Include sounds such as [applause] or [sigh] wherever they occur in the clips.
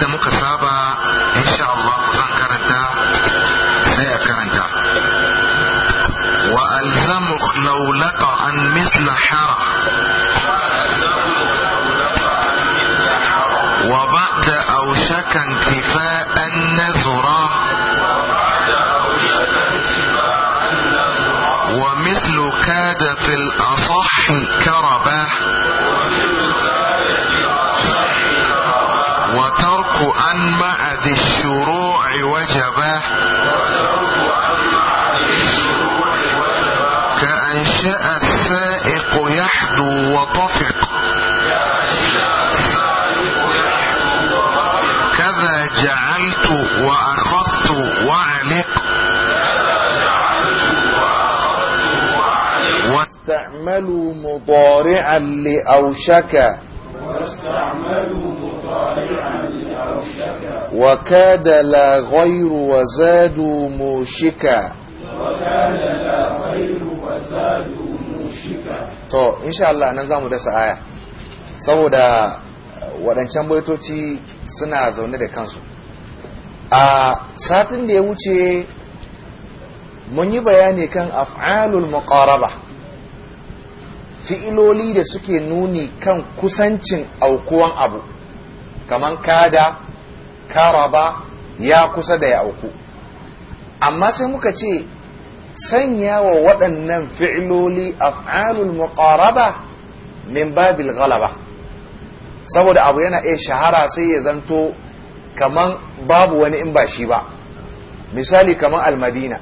yadda muka جعلت وأخذت وعلق واستعملوا مضارعا لأوشك واستعملوا مضارعا لأوشك وكاد لا غير وزادوا موشكا وكاد طيب، لا غير وزادوا موشكا تو إن شاء الله نزام دس آية saboda waɗancan baitoci suna zaune da kansu a satin da ya wuce mun yi bayani kan af'alul muqaraba fi'iloli da suke nuni kan kusancin aukuwan abu kaman kada karaba ya kusa da ya auku amma sai muka ce sanya wa waɗannan fi'iloli af'alul muƙaraba min babil ghalaba saboda abu yana iya shahara sai ya zanto kaman babu wani in ba shi ba misali kaman almadina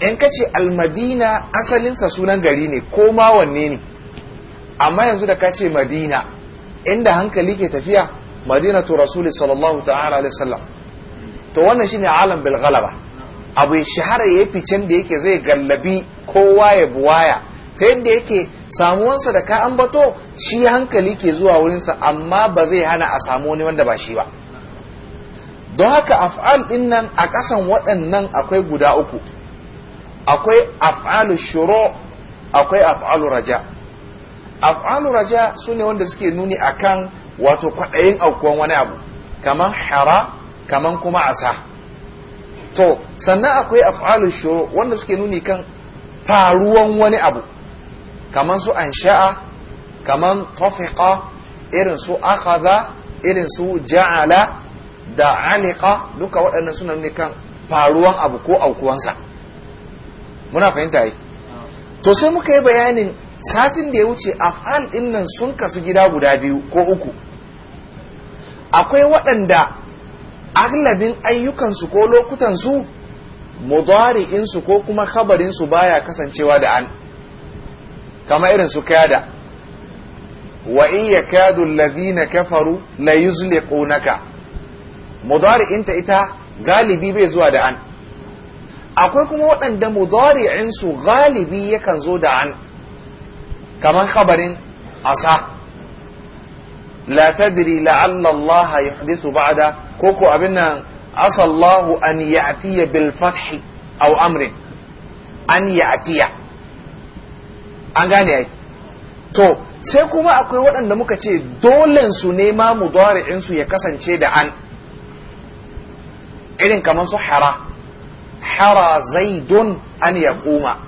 in ka ce almadina asalinsa sunan gari ne ko ma wanne ne amma yanzu da ka ce madina inda hankali ke tafiya madina to rasuli sallallahu ta'ala alaihi sallam to wannan shine alam bil ghalaba abu shahara ya can da yake zai gallabi kowa ya buwaya ta yadda yake samuwansa da ka ambato shi hankali ke zuwa wurinsa amma ba zai hana a samu wani wanda ba shi ba don haka af'al din nan a ƙasan waɗannan akwai guda uku akwai af'alu shuro akwai af'alu raja af'alu raja su wanda suke nuni akan wato kwaɗayin aukuwan wani abu kaman hara kaman kuma asa to sannan akwai af'alu shuro wanda suke nuni kan faruwan wani abu kaman su ansha'a kaman tafiqa irin su akhadha irin su ja'ala da Aliqa duka waɗannan suna ne kan faruwan abu ko aukuwansa muna fahimta yi to sai muka yi bayanin satin da ya wuce af'al din nan sun kasu gida guda biyu ko uku akwai waɗanda aglabin ayyukansu ko lokutansu mudari'insu ko kuma khabarinsu baya kasancewa da an kama irin su kada wa in yakadu ka faru la yuzliqunaka ta ita galibi bai zuwa da an akwai kuma waɗanda mudari'in su galibi yakan zo da an kamar habarin asa la tadri la'alla Allah yuhdithu ba'da abin nan asallahu an ya'tiya bil fathi aw amrin an ya'tiya an gane ai to sai kuma akwai waɗanda muka ce dole su nema mudari'in su ya kasance da an irin kamar su hara hara zaidun an ya kuma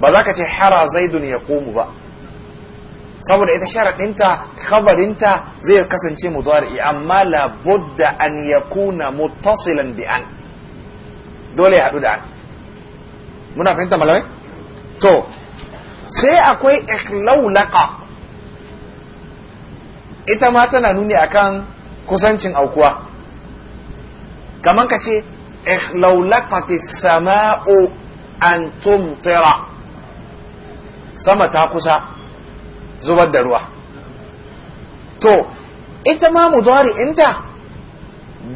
ba za ka ce hara zaidun ya komu ba saboda ita sharaɗinta khabarinta zai kasance mudari amma labudda an ya kuna muttasilan bi an dole ya haɗu da an muna fahimta malamai to sai akwai ikhlaulaka ita ma tana nuni akan kusancin aukuwa kamar ka ce ikhlaulakati sama'u an tumtira sama ta kusa zubar da ruwa to ita ma mudari inta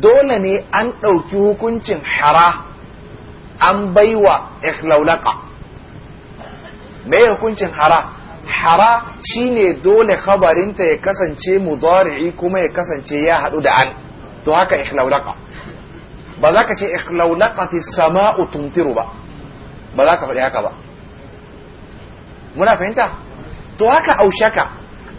dole ne an ɗauki hukuncin hara an baiwa ikhlaulaka me hukuncin hara hara shine dole khabarinta ya kasance mudari'i kuma ya kasance ya hadu da an to haka ikhlaulaqa ba za ka ce ikhlaulaqati sama'u tumtiru ba ba za ka faɗi haka ba muna fahimta to haka aushaka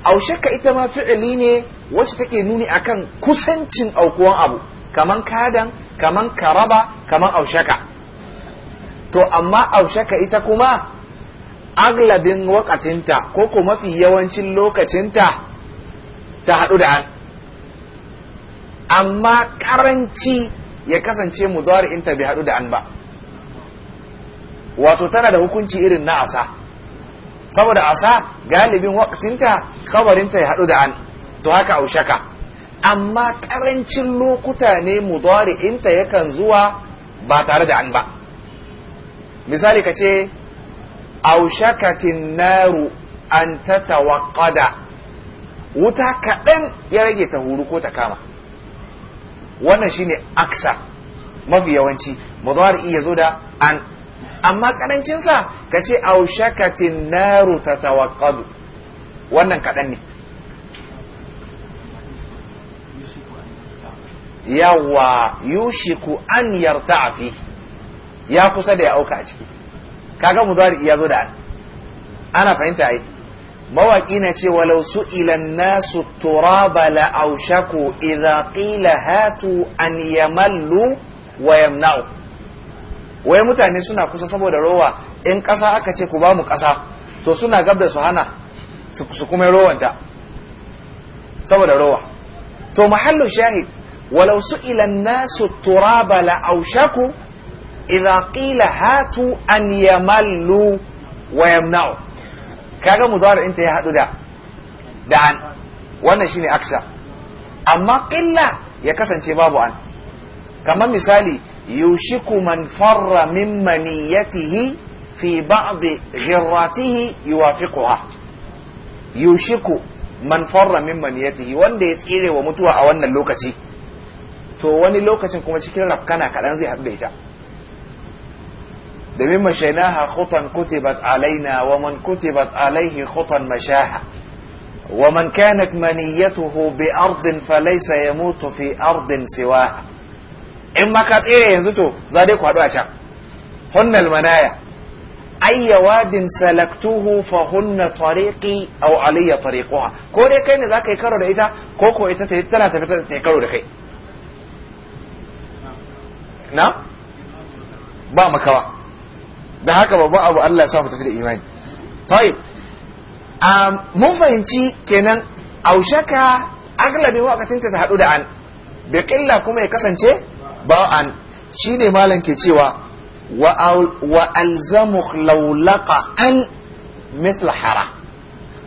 aushaka ita ma fi'ili ne wacce take nuni akan kusancin aukuwan abu kaman kadan kaman karaba kaman aushaka to amma aushaka ita kuma agladin wakatinta ko ko mafi yawancin lokacinta ta haɗu da an amma karanci ya kasance inta bai haɗu da an ba wato tana da hukunci irin na asa saboda asa galibin wakatinta kabarinta ya haɗu da an to haka aushaka amma karancin lokuta ne mudari'inta yakan zuwa ba tare da an ba misali ka ce aushakatin naru an tatawaqqada wuta kaɗan ya rage ta huru ko ta kama wannan shine aksa mafi yawanci mudari ya zo da an amma karancinsa ka ce aushakatin naru tatawaqqadu wannan kaɗan ne yawa yushiku an yarta fi ya kusa da ya auka a ciki kaga mudari ya zo da an ana fahimta ai mawaki na ce walau su'ila nasu turaba la aushaku idza qila hatu an yamallu wa yamna'u wai mutane suna kusa saboda rowa in ƙasa aka ce ku ba mu ƙasa to suna gab da su hana su kuma rowanta saboda rowa to mahallu shahid walau su'ila nasu turaba la aushaku idza qila hatu an Ka ga yamna'u kaga mudari inta ya hadu da da an wannan shine aksa amma qilla ya kasance babu an kamar misali yushiku man farra min maniyatihi fi ba'd ghirratihi yuwafiquha yushiku man farra min maniyatihi wanda ya tsire wa mutuwa a wannan lokaci to wani lokacin kuma cikin rafkana kaɗan zai haɗu da ita ده مشيناها خطا كتبت علينا ومن كتبت عليه خطا مشاها ومن كانت منيته بأرض فليس يموت في أرض سواها إما كانت إيه ينزلتوا ذلك وعدو أشعب هن المنايا أي واد سلكته فهن طريقي أو علي طريقها كوري كان ذاك يكرر إيتا كوكو إيتا تهتلها تفتت يكرر لكي نعم ba نعم. makawa da haka babban abu Allah ya sa mu tafi da imani tayyib mun fahimci kenan aushaka aglabi wakatinta ta hadu da an bi qilla kuma ya kasance ba an shine malam ke cewa wa alzamu laulaqa an misla hara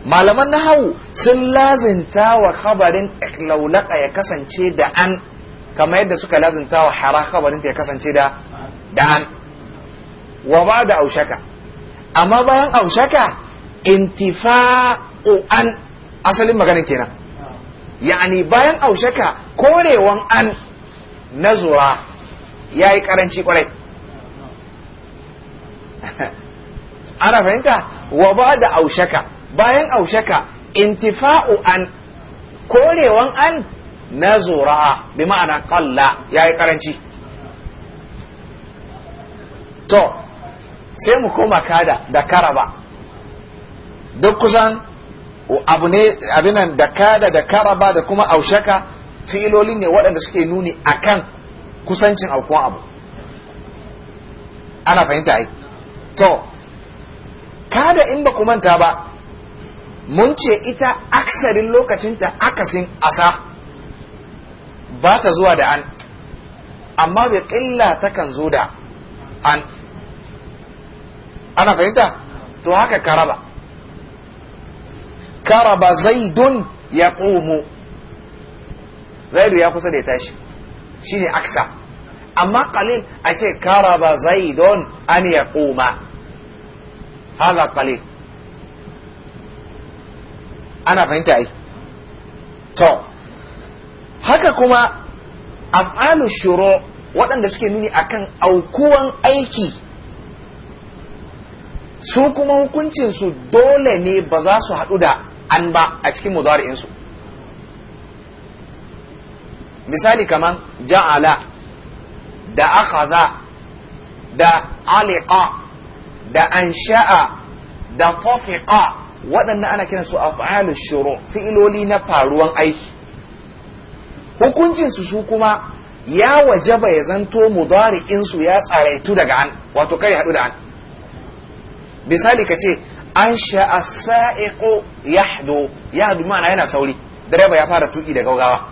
malaman nahawu sun lazinta wa khabarin laulaqa ya kasance da an kamar yadda suka lazinta wa hara khabarin ya kasance da da an wa ba da aushaka amma bayan aushaka intifa'u an asalin magana kenan yani bayan aushaka korewan an na zura ya yi karanci kwarai [laughs] ana fahimta wa ba da aushaka bayan aushaka intifa'u an korewan an na zura bi ma'ana kalla ya yi karanci to sai mu koma kada da karaba duk kusan abu ne abinan da kada da karaba da kuma aushaka filoli ne waɗanda suke nuni a akan kusancin aukuwan abu ana fahimta ai to kada in ba ku manta ba mun ce ita aksarin lokacinta akasin asa ba ta zuwa da an amma bai ƙilla takan zo da an ana fahimta to haka karaba karaba zaidun ya ƙomo zaidu ya kusa da ya tashi shi ne aksa amma kalil a ce karaba zaidun an ya ƙoma haka kalil ana fahimta ai to haka kuma af'alu shuru waɗanda suke nuni akan aukuwan aiki su kuma hukuncinsu dole ne ba za su haɗu da an ba a cikin mudari'insu misali kamar ja'ala da akhadha da aliqa da ansha'a da tafiqa waɗannan ana kiran su af'alu shuru fi'iloli na faruwan aiki hukuncinsu su kuma ya wajaba ya zanto mudari'insu ya tsaraitu daga an wato kai haɗu da an misali ka ce an sha'a sa'iqo ya hado ma'ana yana sauri direba ya fara tuki da gaugawa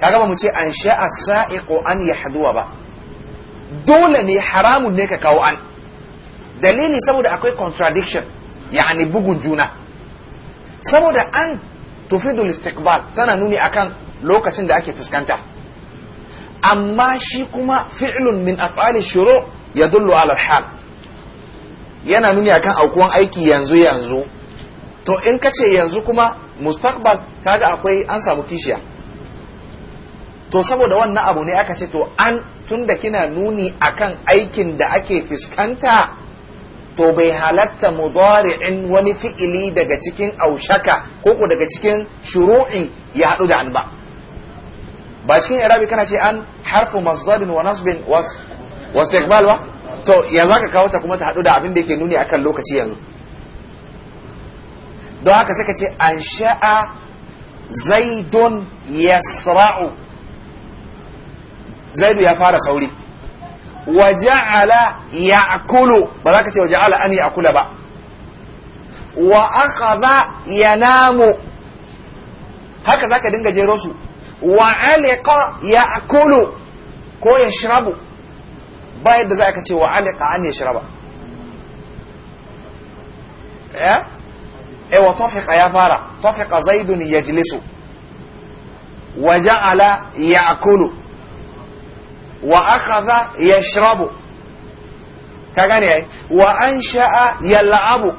kaga ba mu ce an sha'a sa'iqo an yahduwa ba dole ne haramun ne ka kawo an dalili saboda akwai contradiction yani bugun juna saboda an tufidu istiqbal tana nuni akan lokacin da ake fuskanta amma shi kuma fi'lun min af'ali shuru yadullu ala al-hal yana nuni akan aukuwan aiki yanzu yanzu to in ka ce yanzu kuma mustaqbal kaga akwai an samu kishiya to saboda wannan abu ne aka ce to an tunda kina nuni akan aikin da ake fuskanta to bai halatta mudari'in wani fi'ili daga cikin aushaka ko ko daga cikin shuru'i ya hadu da an ba ba cikin irabi kana ce an harfu masdarin wa nasbin was istiqbal ba to ya za ka kawo ta kuma ta haɗu da abin da yake nuni akan lokaci yanzu don haka sai ka ce an sha'a ya sra'u. zaidu ya fara sauri ala ya Akulu. ba za ka ce wa ala an Akula ba wa akhadha yanamu haka za ka dinga jero su wa ya Akulu ko ya Shirabu? ba yadda za ka ce wa alika an ya shiraba eh, ya e wa tafiqa ya fara tafiqa zaidun yajlisu wa ja'ala ya'kulu wa akhadha yashrabu ka gane yi. wa ansha'a yal'abu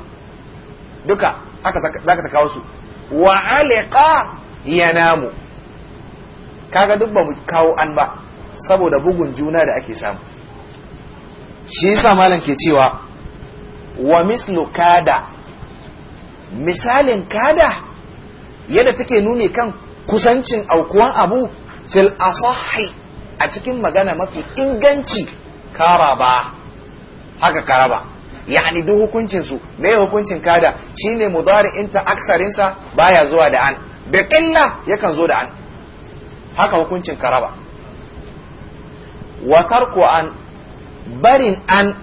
duka haka zaka ta kawo su wa alika yanamu kaga duk ba mu kawo an ba saboda bugun juna da ake samu shi yasa malam ke cewa wa mislu kada misalin kada yadda take nuni kan kusancin aukuwan abu fil asahi a cikin magana mafi inganci karaba haka karaba yani duk hukuncin su me hukuncin kada shine mudari inta aksarin sa baya zuwa da an bi yakan zo da an haka hukuncin karaba wa tarku an barin an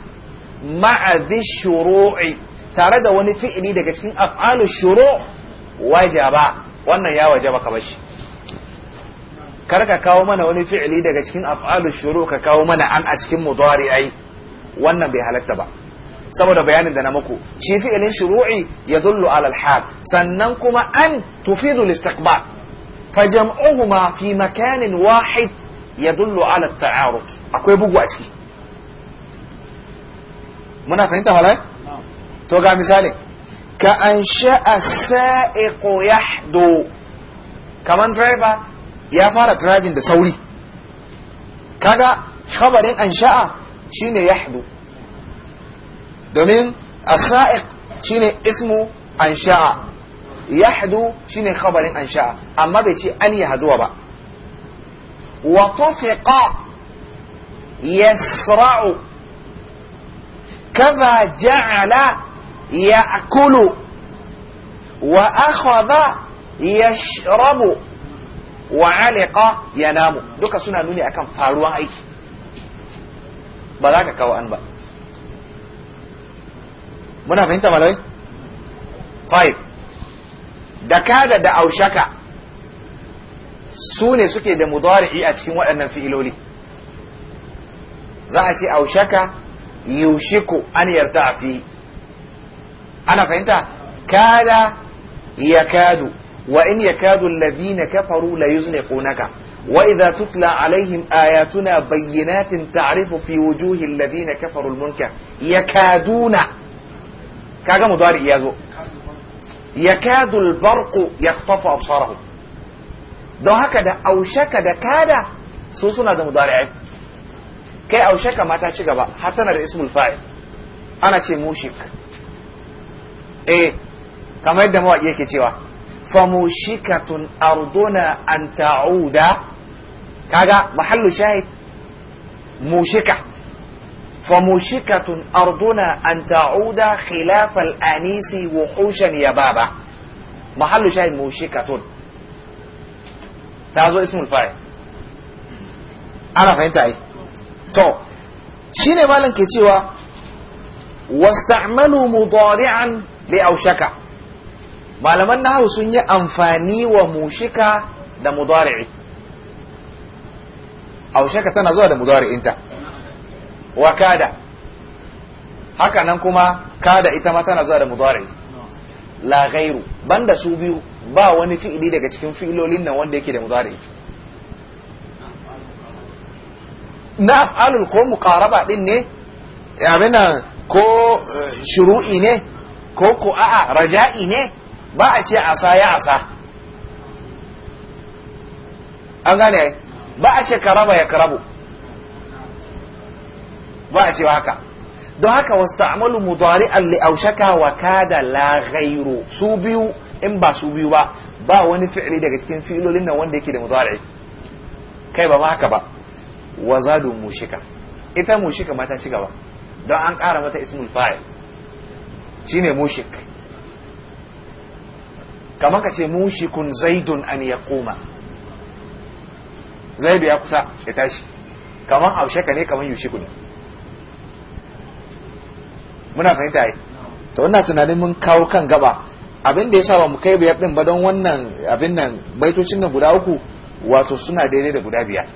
ma'azi shuru'i tare da wani fi'ili daga cikin af'alu shuru wajaba wannan ya wajaba ka bashi kar ka kawo mana wani fi'ili daga cikin af'alu shuru ka kawo mana an a cikin mudari'ai wannan bai halatta ba saboda bayanin da na muku shi fi'ilin shuru'i ya dullu alal hal sannan kuma an tufidu listiqbal fajam'uhuma fi makanin wahid ya dullu ala ta'arud akwai bugu a ciki muna fahimta malai to ga misali ka an sha'a sa'iqu kaman driver ya fara driving da sauri kaga khabarin an sha'a shine yahdu domin as-sa'iq shine ismu an sha'a yahdu shine khabarin an sha'a amma bai ce an yahduwa ba wa tafiqa yasra'u كذا جعل يأكل وأخذ يشرب وعلق ينام دوكا سنة نوني أكام فاروان أيك بلاك كو أنبا منا فهمت مالوي طيب دكاد دا أو شكا سوني سكي دا مضارعي أتكين وأنا في إلولي za a ce aushaka يوشك أن يرتع فيه أنا فهمتها كاد يكاد وإن يكاد الذين كفروا ليزنقونك وإذا تتلى عليهم آياتنا بينات تعرف في وجوه الذين كفروا المنكر يكادون كاجا مضارع يازو يكاد البرق يخطف أبصارهم ده هكذا أو شك كاد سوسنا ده مضارعين kai aushe kama ta ci gaba har tana da ismul fa'il ana ce mushik eh kamar yadda mawaƙi yake cewa fa mushikatun arduna an ta'uda kaga mahallu shahid mushika fa mushikatun arduna an ta'uda khilaf al-anisi wuhushan baba mahallu shahid mushikatun ta zo ismul fa'il ana fahimta eh to shine malam ke cewa wasta'malu mudari'an li aushaka malaman nahawu sun yi amfani wa mushika da mudari'i aushaka tana zuwa da mudari'inta wa kada haka nan kuma kada ita ma tana zuwa da mudari'i la ghairu banda su biyu ba wani fi'ili daga cikin fi'ilolin nan wanda yake da mudari'i na af'alul ko muqaraba din ne eh, abin ko eh, shuru'i ne ko ko a'a raja'i ne ba a ce asa ya asa an gane ba a ce karaba ya karabu ba a ce haka don haka wasu ta'amalu mudari'an li aushaka wa kada la ghairu su biyu in ba su biyu ba ba wani fi'li daga cikin fi'ilolin nan wanda yake da mudari'i kai ba ma haka ba wa zadu mushika ita mushika ma ta ci gaba don an ƙara mata ismul fa'il shine mushik kamar ka ce mushikun zaidun an ya koma zaidu ya kusa ya tashi kamar aushaka ne kamar yushiku ne muna fahimta yi to wannan tunanin mun kawo kan gaba abin da ya sa ba mu kai biyar din ba don wannan abin nan baitocin nan guda uku wato suna daidai da guda biyar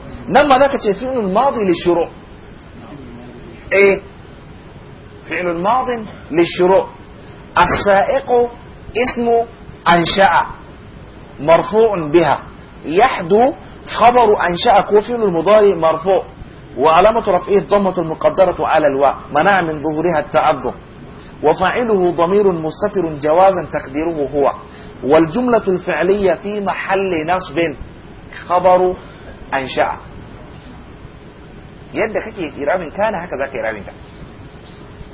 نما ذاك فعل الماضي للشروع ايه فعل الماض للشروع السائق اسم انشأ مرفوع بها يحدو خبر انشأ كوفيل المضارع مرفوع وعلامة رفعه الضمة المقدرة على الواء منع من ظهورها التعذر وفاعله ضمير مستتر جوازا تقديره هو والجملة الفعلية في محل نصب خبر أنشأ yadda kake irabin kana haka zaka irabin ka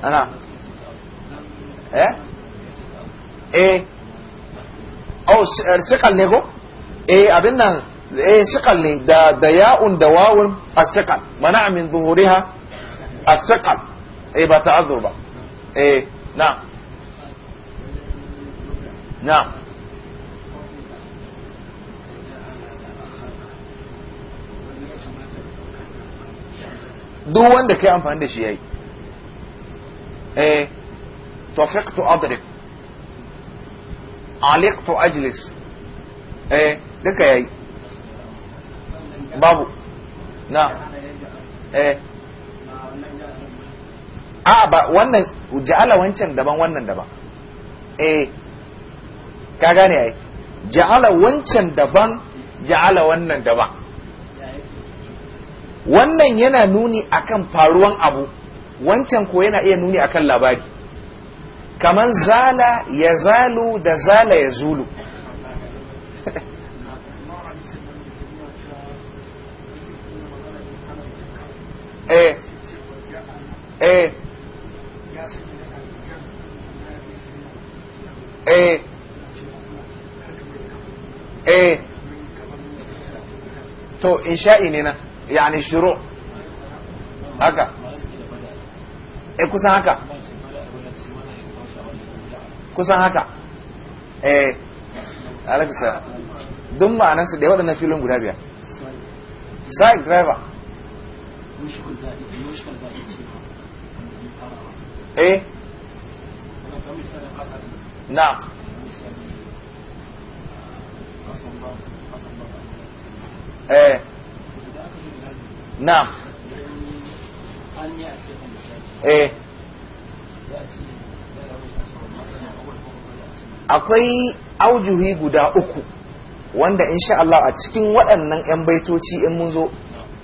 ana eh eh oh sikal eh, ne go eh abin nan eh sikal ne da da ya'un da wawun as mana min zuhuriha as eh ba ta'azzur ba eh na'am na'am duk wanda kai amfani da shi yayi eh tawfiqtu adrib aliqtu ajlis eh duka yayi babu na eh a ba wannan ja'ala wancan daban wannan daban eh ka gane yayi ja'ala wancan daban ja'ala wannan daban wannan yana nuni akan faruwan abu wancan ko yana iya nuni akan labari kaman zala ya zalu da zala ya zulu [laughs] eh, eh, eh, to insha'i ne na yani shiro haka e kusan haka kusan haka eh alakasa duk ma'anansu da waɗannan filin guda biyar side driver na نعم eh. akwai aujuhi guda uku wanda insha Allah a cikin waɗannan 'yan baitoci in mun zo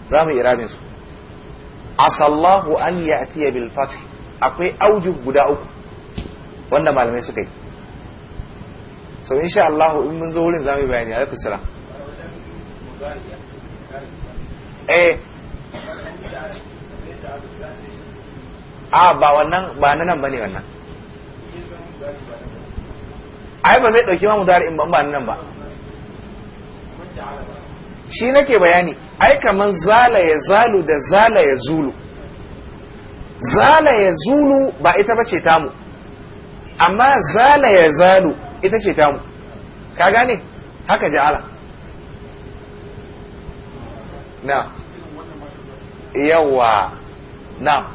za mu irabin su asallahu an atiya bil fatih akwai aujuhi guda uku wanda malamai suka yi so insha Allah in mun zo wurin za mu bayani alaikum salam eh a ah, ba wannan ba na nan bane wannan ai ba zai dauki ma mudari in ban ba nan ba shi nake bayani ai kaman zala ya zalu da zala ya zulu zala ya zulu ba ita bace tamu amma zala ya zalu ita ce tamu ka gane haka Allah. na yawa na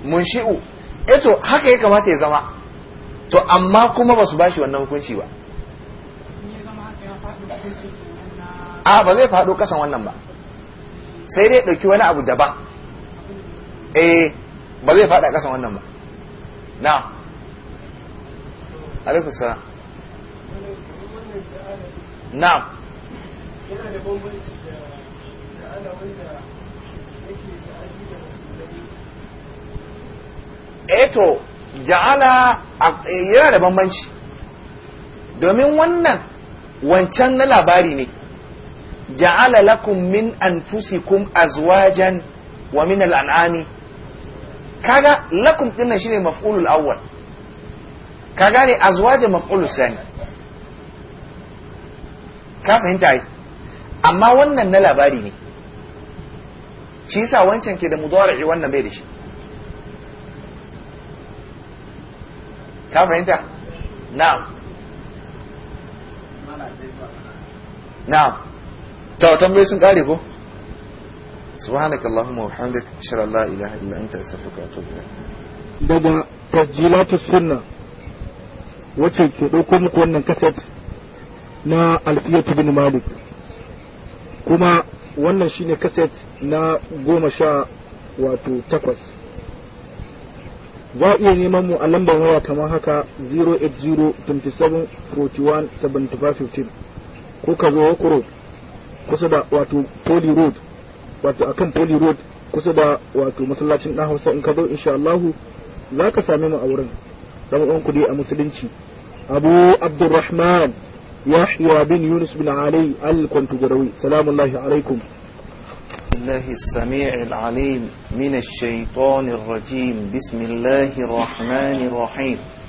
Mun shi'u eto eh haka ya kamata ya zama to amma kuma ba su ba shi wannan hukunci ba a ba zai faɗo kasan wannan ba sai dai ɗauki wani abu daban eh ba zai faɗa kasan wannan ba na alaikun sa na'am eto eh ja'ala eh, yana da bambanci domin wannan wancan na labari ne ja'ala lakum min anfusikum azwajan wa min al'anami kaga lakum dinnan shine maf'ulul awwal ka gane da maqulus ne ka fahimta ai amma wannan na labari ne shi sa wancan ke da mudari'i wannan bai da shi ka fahimta na'am na'am ta bai sun kare ko سبحانك اللهم وبحمدك اشهد ان لا اله الا انت استغفرك واتوب اليك daga تسجيلات السنه wacce ke ɗauko muku wannan kaset na alfiyar bin malik kuma wannan shine kaset na goma sha wato takwas za a iya neman mu a lambar waya kamar haka 08027417515 ko ka zo kuro kusa da wato poli road wato akan poli road kusa da wato masallacin dan hausa in ka zo insha Allah za ka same mu a wurin dan uwan ku dai a musulunci أبو عبد الرحمن يحيى بن يونس بن علي الكنتجروي سلام الله عليكم الله السميع العليم من الشيطان الرجيم بسم الله الرحمن الرحيم